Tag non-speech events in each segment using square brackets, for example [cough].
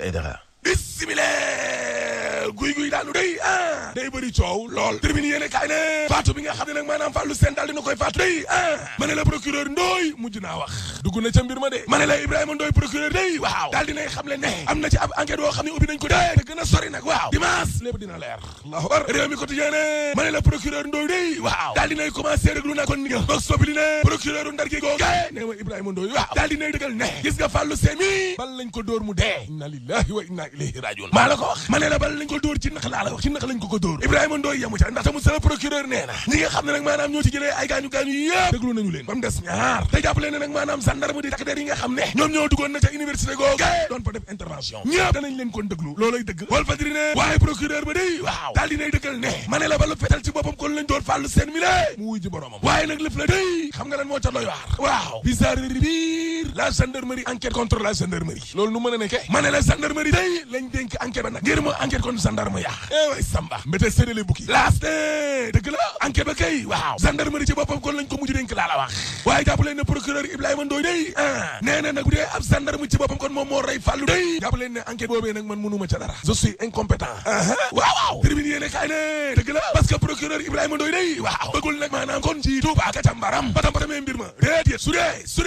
Ahmed Aïdara bismillah guy guy daanu day ah day bëri coow lool tribune yéene kaay ne faatu bi xam ne nag maanaam fàllu seen daal dina ah. ma ne la procureur ndooy mujj naa na ca mbir ma ma la Ibrahima Ndooy procureur day waaw daal dinay xam le ne am na ci ab enquête woo xam ne ubbi nañ ko dee te gën a sori nag waaw dimanche lépp dina leer allahu akbar réew mi ma ne la procureur ndooy day waaw daal dinay commencé rek lu na kon ni nga boog sobli ne procureur ndar gi googe Ibrahima Ndoye waaw daal dinay dëggal ne gis nga Fallou Sène mi bal lañ ko dóor mu dee inna lillahi wa inna ilayhi rajiun maa la ko wax ma nee la bal lañ ko dóor ci naka laa la wax ci naka lañ ko ko dóor Ibrahima Ndoye yamu ca ndaxte monsieur le procureur nee na ñi nga xam ne nag maanaam ñoo ci jëlee ay gaañu gaañu yëpp déglu nañu leen ba mu ñaar te jàpp leen ne nag maanaam gendarme di takk der yi nga xam ne ñoom ñoo duggoon na ca université googu doon fa def intervention ñëpp danañ leen kon déglu loolay dëgg wal fajri ne waaye procureur ba day waaw daal dinay dëggal ne ma la balu fetal ci boppam kon lañ dóor Fallou Sène mi la mu wuy ji boromam waaye nag lëf la day xam nga lan moo ca doy waar waaw bizarre gendarmerie biir la gendarmerie enquête contre la gendarmerie loolu nu mën a nekke ma ne la gendarmerie day lañ enquête ba nag ngir mu enquête contre gendarme yaa eh way samba mbéte enquête ba kay waaw gendarmerie ci boppam la wax waaye jàpp leen ne procureur Ibrahima Ndoye day ah nee na nag bu dee ab kon moom moo rey fàllu day jàpp enquête boobee nag man mënuma ca dara je suis incompétent uh-huh. waaw waaw tribune yéene kaay ne dëgg la parce que procureur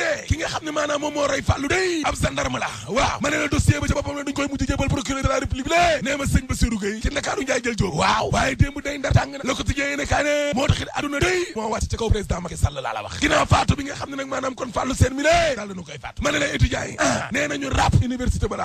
de ki nga xam ne maanaam moom moo rey fàllu day ab gendarme la waaw ma dossier ba ca boppam la dañ koy mujj jébal procureur de la république lé nee ma sëñ Bassirou Gueye ci Ndakaaru njaay jël jóob waaw waaye démb day ndar tàng na la ko tijjee kaa ne moo taxit aduna day moo wàcc ca kaw président Macky Sall laa la wax ginnaaw faatu bi nga xam ne nag maanaam kon fàllu seen mi lé daal dañu koy faatu ma ne la étudiant yi ah nee nañu rap université ba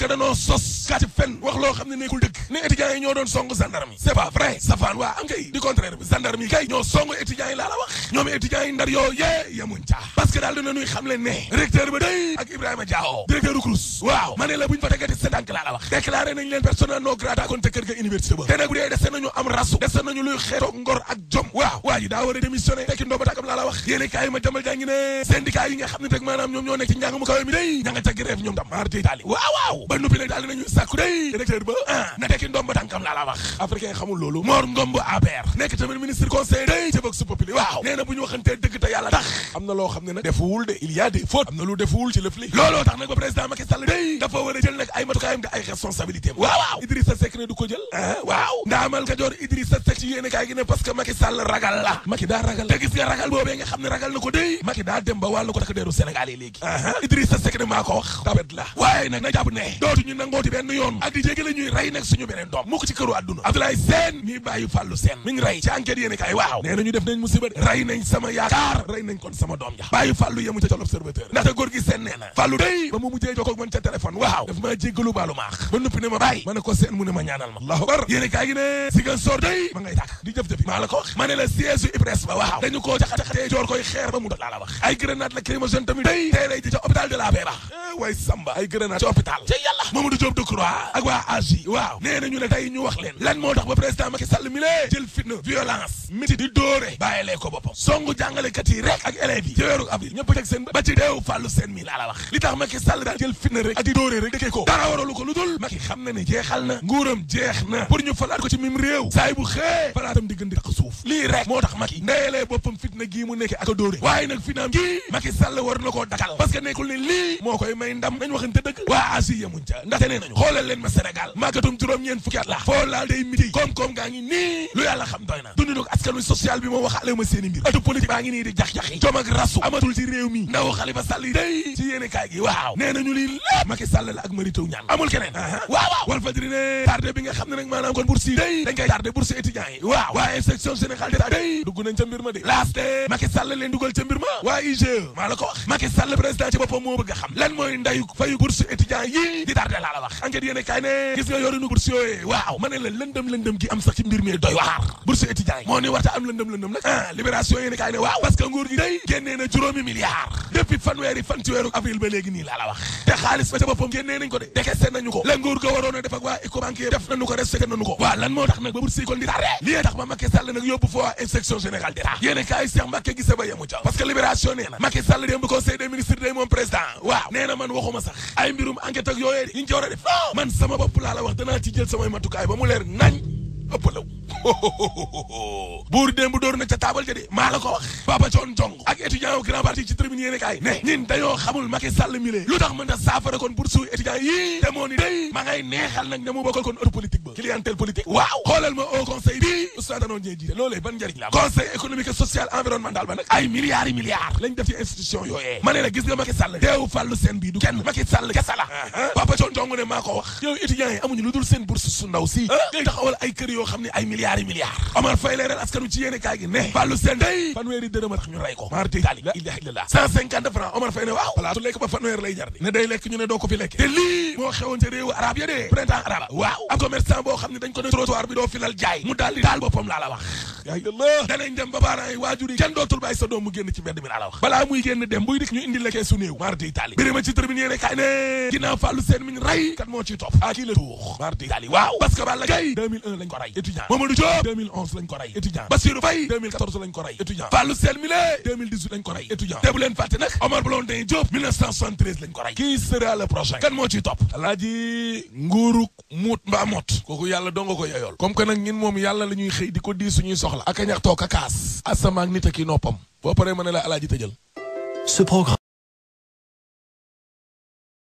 que danoo sos kàcc fen wax loo xam ne nekkul dëgg ne étudiants yi ñoo doon song gendarme c'est pas vrai safaan waa am kay di contraire bi gendarme kay ñoo song étudiants laa la wax ñoom étudiants ndar yoo yee yemuñ ca parce que daal dina ñuy xam le ne recteur ba day ak Ibrahima Diaw directeur CROUS waaw ma ne la fa tegati sa dànk laa la wax déclaré nañ leen persona non grata kon te kër ga université ba te nag bu dee dese nañu a démissionné ba noppi nag daal dinañu sàkku day directeur ba ah na tekki ndomba tànkam laa la wax africain xamul loolu Mor Ngom bu APR nekk tamit ministre conseil day ca bëgg su waaw nee bu ñu waxantee dëgg te yàlla tax am na loo xam ne nag defuwul de il y a am na lu defuwul ci lëf li looloo tax nag ba président Macky Sall day dafa war a jël nag ay matukaayam di ay responsabilité waaw waaw Idrissa Seck ne du ko jël ah waaw ndaamal ka joor Idrissa Seck ci dootu ñu nangooti benn yoon ak di jéegi la ñuy rey nag suñu beneen doom mu ci këru àdduna Abdoulaye Sène ñuy bàyyi Fallou Sène mi rey ci enquête yéen waaw nee nañu def nañ musiba rey nañ sama yaakaar rey nañ kon sama doom ja bàyyi ba mu mujjee jokkoo man ca téléphone waaw daf maa jéggalu baalu maax ba noppi ne ma bàyyi ma ko Sène mu ne ma ñaanal ma allahu akbar yéen gi ne si day ma ngay tàkk di jëf-jëfi maa la ko wax la siège su Mamadou Diop Decroix ak waa AJ waaw nee nañu ne tey ñu wax leen lan moo tax ba président Macky Sall mi lee jël fitna violence miti di dóore bàyyilee ko boppam songu jàngalekat yi rek ak élèves yi ci weeru avril ñëpp teg seen ba ci deew fàllu seen mi laa la wax li tax Macky Sall daal jël fitna rek ak di dóore rek dëkkee ko dara waralu ko lu dul Macky xam na ne jeexal na nguuram jeex na pour ñu falaat ko ci mim réew saay bu xëe falaatam a ndaxte nee nañu xoolal leen ma Sénégal màggatum juróom-ñeen fukki at la foo laal day midi koom-koom ngaa ngi nii lu yàlla xam doy na dundinu askan wi social bi moo waxaale ma seen i mbir atu politique baa ngi nii di jax-jaxi jom ak rasu amatul ci réew mi ndaw Xalifa Sall yi day ci yéene kaay gi waaw nee nañu lii lépp Macky Sall la ak Mary Teuw Niane amul keneen waaw waaw nga xam ne nag maanaam kon bourse yi day dañ koy tardé bourse waaw waaye section générale d'état nañ ca mbir ma de laaste Macky Sall leen dugal ca ma waa IGE maa la ko a xam lan mooy ndayu de laa la ne gis nga yorinu bourse yooyu waaw ma la lëndëm lëndëm gi am sax mbir mi doy waar bourse étudiant moo ni war am lëndëm lëndëm nag ah libération yéene ne waaw parce que nguur gi day génnee na juróomi milliards depuis fanweeri fan ci weeru avril ba léegi nii te xaalis ba ca boppam génnee nañ nguur ga waroon a def ak waa def nañu ko ko waaw lan moo tax nag ba bourse yi kon ba yemu ca parce que libération nee na Macky li ñu ci war a def non man sama bopp laa la wax danaa ci jël samay matukaay ba mu leer nañ ëppalaw [laughs] buur démb dóor na ca taabal ja de maa ko Papa Thione Jong ak étudiant grand parti ci tribune kaay ne ñin dañoo xamul Macky Sall mi lee lu tax mën a saafara kon boursu étudiant yii demoon ni day ma ngay neexal nag ne mu bokkal kon heure politique ba clientèle politique waaw xoolal ma au conseil bi Oustaz Tanor Dieng jiite loolee ban njëriñ la conseil économique social environnemental ba étudiants yi amuñu lu dul seen bourse su ndaw si eh, taxawal ay kër yoo xam ne ay milliards yi milliards Omar Faye leeral askanu ci yéene kaay gi ne Fallou Sène day fanweeri dërëm a tax ñu rey ko maar tey la ilaha illallah cent francs Omar Faye ne waaw palaatu lekk ba fanweer lay jar di ne day lekk ñu ne doo ko fi lekk te lii moo xewoon ca réewu arab ya dee printemps arabe waaw am commerçant boo xam ne dañ ko ne trottoir bi doo filal jaay mu daal di daal boppam laa la wax yaa illallah danañ dem ba baaraay waajur yi kenn dootul bàyyi sa doom mu génn ci mbedd mi laa la wax balaa muy génn dem buy dikk ñu indi lekkee su néew maar tey daali birima ci tribune kaay ne ginnaaw Fallou Sène mi ñu rey kat moo ciy topp ah, tour mardi daali waaw parce que Balla Gaye lañ ko rey étudiant Mamadou Diop 2011 lañ ko rey étudiant Bassirou Faye 2014 lañ ko rey étudiant Fallou Sel Milé 2018 lañ ko rey étudiant te bu leen fàtte nag Omar Blondin Diop 1973 lañ prochain kan moo ciy topp alaaji nguuruk muut mbaa mot kooku yàlla donga ko yoyool comme que nag moom yàlla la xëy di ko di suñuy soxla ak a toog a kaas asamaak nit ak i noppam